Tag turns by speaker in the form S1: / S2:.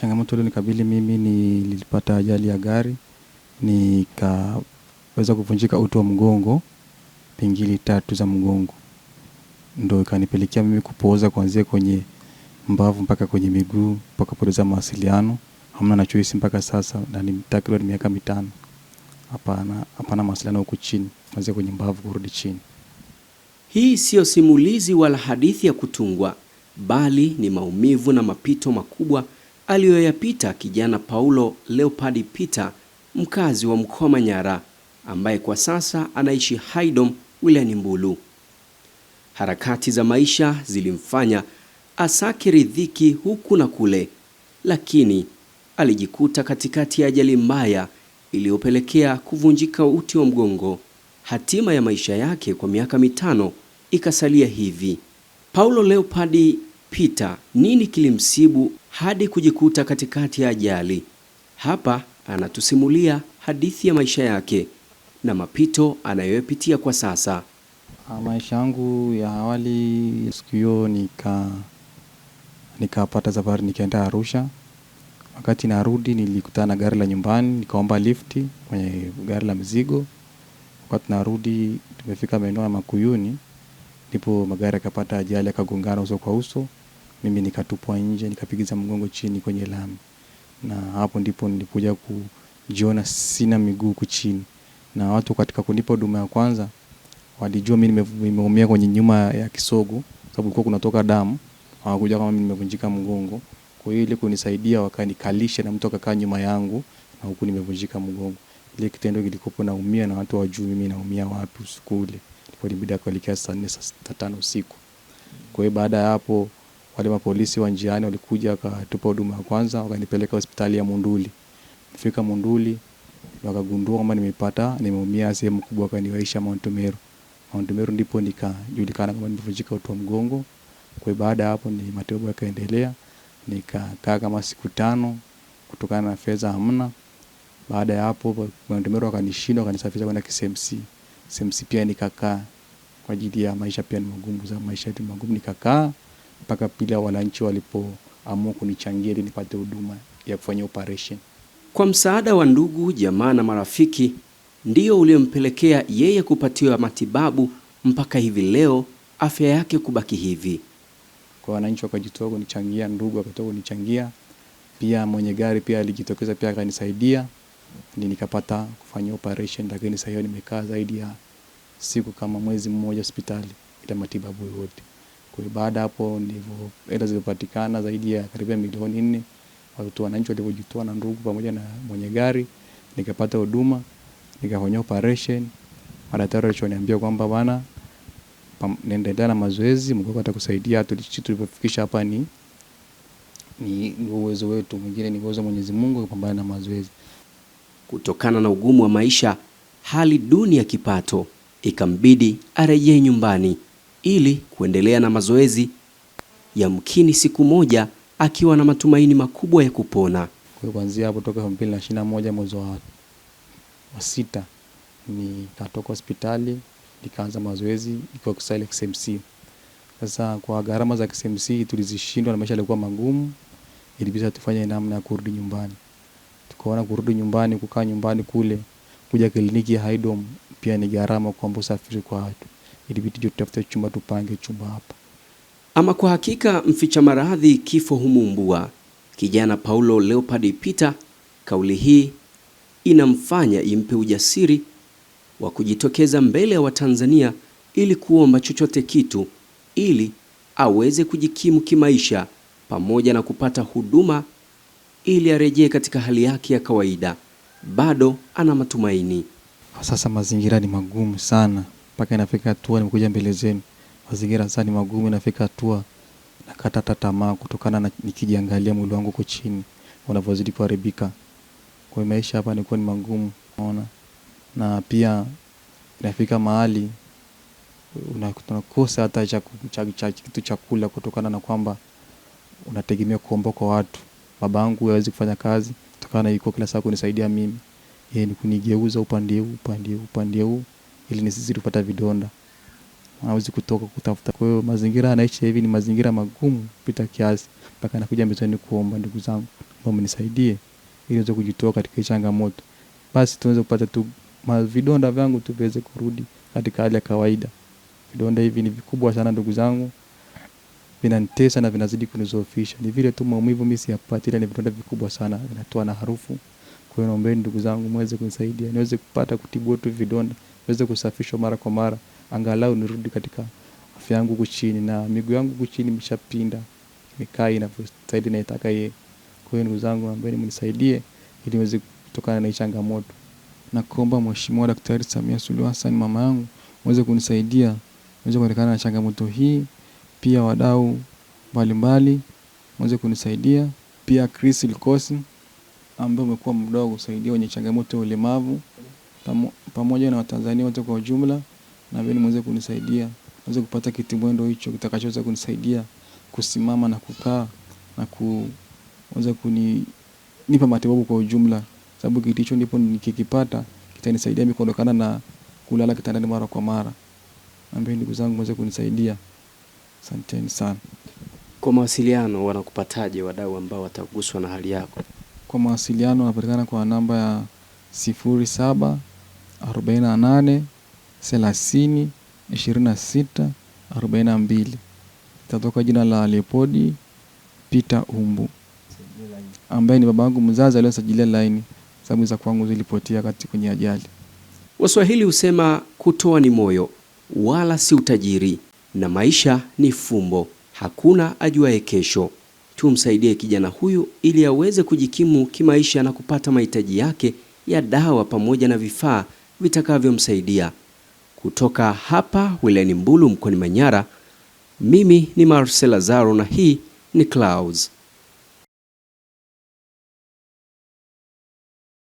S1: Changamoto ile nikabili mimi ni nilipata ajali ya gari, nikaweza kuvunjika uti wa mgongo, pingili tatu za mgongo, ndo ikanipelekea mimi kupooza kuanzia kwenye mbavu mpaka kwenye miguu mpaka kupoteza mawasiliano, hamna na choice mpaka sasa, na ni takriban miaka mitano. Hapana, hapana mawasiliano huku chini, kuanzia kwenye mbavu kurudi chini.
S2: Hii siyo simulizi wala hadithi ya kutungwa, bali ni maumivu na mapito makubwa aliyoyapita kijana Paulo leopard Peter, mkazi wa mkoa manyara ambaye kwa sasa anaishi Haydom wilayani Mbulu. Harakati za maisha zilimfanya asake ridhiki huku na kule, lakini alijikuta katikati ya ajali mbaya iliyopelekea kuvunjika uti wa mgongo. Hatima ya maisha yake kwa miaka mitano ikasalia hivi. Paulo Leopardi Peter, nini kilimsibu hadi kujikuta katikati ya ajali? Hapa anatusimulia hadithi ya maisha yake na mapito anayoyapitia kwa sasa.
S1: Ah, maisha yangu ya awali, siku hiyo nika nikapata safari nikaenda Arusha. Wakati narudi nilikutana na gari la nyumbani, nikaomba lifti kwenye gari la mzigo. Wakati narudi tumefika maeneo ya Makuyuni, ndipo magari akapata ajali, akagongana uso kwa uso mimi nikatupwa nje, nikapigiza mgongo chini kwenye lami, na hapo ndipo nilikuja kujiona sina miguu kuchini. Na watu katika kunipa huduma ya kwanza walijua mimi nimeumia kwenye nyuma ya kisogo, sababu kulikuwa kunatoka damu. Hawakuja kama mimi nimevunjika mgongo. Kwa hiyo ile kunisaidia wakanikalisha na mtu akakaa nyuma yangu na huku nimevunjika mgongo. Ile kitendo kilikopo naumia na watu wajuu mimi naumia wapi usiku ule. Ilikuwa libida kuelekea saa nne saa tano usiku. Kwa hiyo baada ya hapo wale mapolisi wa njiani walikuja wakatupa huduma ya kwanza, wakanipeleka hospitali ya Munduli. Fika Munduli wakagundua kwamba nimepata nimeumia sehemu kubwa, wakaniwaisha Mount Meru. Mount Meru ndipo nikajulikana kama nimevunjika uti wa mgongo. Kwa baada hapo ni matibabu yakaendelea, nikakaa kama siku tano kutokana na fedha hamna. Baada ya hapo Mount Meru wakanishinda, wakanisafirisha kwenda KCMC. KCMC pia nikakaa kwa ajili ya maisha pia ni magumu, za maisha yetu magumu, nikakaa mpaka pila wananchi walipoamua kunichangia ili nipate huduma ya kufanya operation.
S2: Kwa msaada wa ndugu, jamaa na marafiki ndio uliompelekea yeye kupatiwa matibabu mpaka hivi leo, afya yake kubaki hivi.
S1: Kwa wananchi wakajitoa kunichangia, ndugu akatoa kunichangia pia, mwenye gari pia alijitokeza pia akanisaidia, ni nikapata kufanya operation. Lakini sasa hiyo nimekaa zaidi ya siku kama mwezi mmoja hospitali ila matibabu yote baada hapo ndivyo hela zilipatikana zaidi ya karibia milioni nne watoto wananchi walivyojitoa na ndugu pamoja na mwenye gari, nikapata huduma nikafanya operation. Madaktari walichoniambia kwamba bwana, nendelea na mazoezi, Mungu wako atakusaidia. Tulipofikisha hapa ni ni uwezo wetu, mwingine ni uwezo Mwenyezi Mungu, kupambana na mazoezi.
S2: Kutokana na ugumu wa maisha, hali duni ya kipato, ikambidi arejee nyumbani ili kuendelea na mazoezi, ya mkini siku moja akiwa na matumaini makubwa ya kupona.
S1: Kwa kuanzia hapo toka elfu mbili na ishirini na moja mwezi wa sita nikatoka hospitali nikaanza mazoezi ikiwa kusaili KCMC. Sasa kwa gharama za KCMC tulizishindwa na maisha yalikuwa magumu, ilibidi tufanye namna ya kurudi nyumbani. Tukaona kurudi nyumbani, kukaa nyumbani kule, kuja kliniki ya Haidom pia ni gharama kwa usafiri kwa watu ilibidi tutafute chumba tupange chumba hapa.
S2: Ama kwa hakika mficha maradhi kifo humumbua Kijana Paulo Leopard Peter, kauli hii inamfanya impe ujasiri wa kujitokeza mbele ya Watanzania ili kuomba chochote kitu ili aweze kujikimu kimaisha pamoja na kupata huduma ili arejee katika hali yake ya kawaida. Bado ana matumaini.
S1: Sasa mazingira ni magumu sana mpaka inafika hatua nimekuja mbele zenu, mazingira sasa ni magumu, inafika hatua nakata hata tamaa, kutokana na nikijiangalia mwili wangu uko chini unavyozidi kuharibika. Kwa hiyo maisha hapa nilikuwa ni magumu, unaona, na pia inafika mahali unakosa hata cha kitu chakula, kutokana na kwamba unategemea kuomba kwa watu. Babangu hawezi kufanya kazi, kutokana na yuko kila saa kunisaidia mimi, yeye ni kunigeuza upande huu upande huu upande huu ili nisizidi kupata vidonda, hawezi kutoka kutafuta. Kwa hiyo mazingira anaishi hivi ni mazingira magumu kupita kiasi, mpaka anakuja mezani kuomba, ndugu zangu, naomba mnisaidie ili niweze kujitoa katika changamoto, basi tuweze kupata tu vidonda vyangu tuweze kurudi katika hali ya kawaida. Vidonda hivi ni vikubwa sana ndugu zangu, vinanitesa na vinazidi kunizoofisha. Ni vile tu maumivu mimi siyapati, ila ni vidonda vikubwa sana, vinatoa na harufu. Kwa hiyo naombeni ndugu zangu, mweze kunisaidia niweze kupata kutibu tu vidonda niweze kusafishwa mara kwa mara, angalau nirudi katika afya yangu huku chini, na miguu yangu huku chini imeshapinda, imekaa inavyostahili naitaka yeye. Kwa hiyo ndugu zangu, ambaye mnisaidie ili niweze kutokana na hii changamoto. Nakuomba Mheshimiwa Daktari Samia Suluhu Hassan, mama yangu, uweze kunisaidia niweze kuonekana na changamoto hii. Pia wadau mbalimbali mweze kunisaidia pia Chris Likosi ambaye umekuwa mdogo kusaidia wenye changamoto ya ulemavu pamoja na Watanzania wote kwa ujumla, na mimi mweze kunisaidia niweze kupata kitimwendo hicho kitakachoweza kunisaidia kusimama na kukaa na kuweza kunipa matibabu kwa ujumla, sababu kitu hicho ndipo nikikipata kitanisaidia mimi kuondokana na kulala kitandani mara kwa mara. Naambia ndugu zangu mweze kunisaidia, asanteni sana.
S2: Kwa mawasiliano wanakupataje wadau ambao wataguswa na hali yako?
S1: Kwa mawasiliano wanapatikana kwa namba ya sifuri saba 42. Itatoka jina la lepodi Peter umbu ambaye ni yangu mzazi aliyosajilia laini, sababu za kwangu zilipotea kati kwenye ajali.
S2: Waswahili husema kutoa ni moyo wala si utajiri, na maisha ni fumbo, hakuna ajuaye kesho. Tumsaidie kijana huyu ili aweze kujikimu kimaisha na kupata mahitaji yake ya dawa pamoja na vifaa vitakavyomsaidia. Kutoka hapa wilayani Mbulu mkoani Manyara, mimi ni Marcel Lazaro na hii ni Clouds.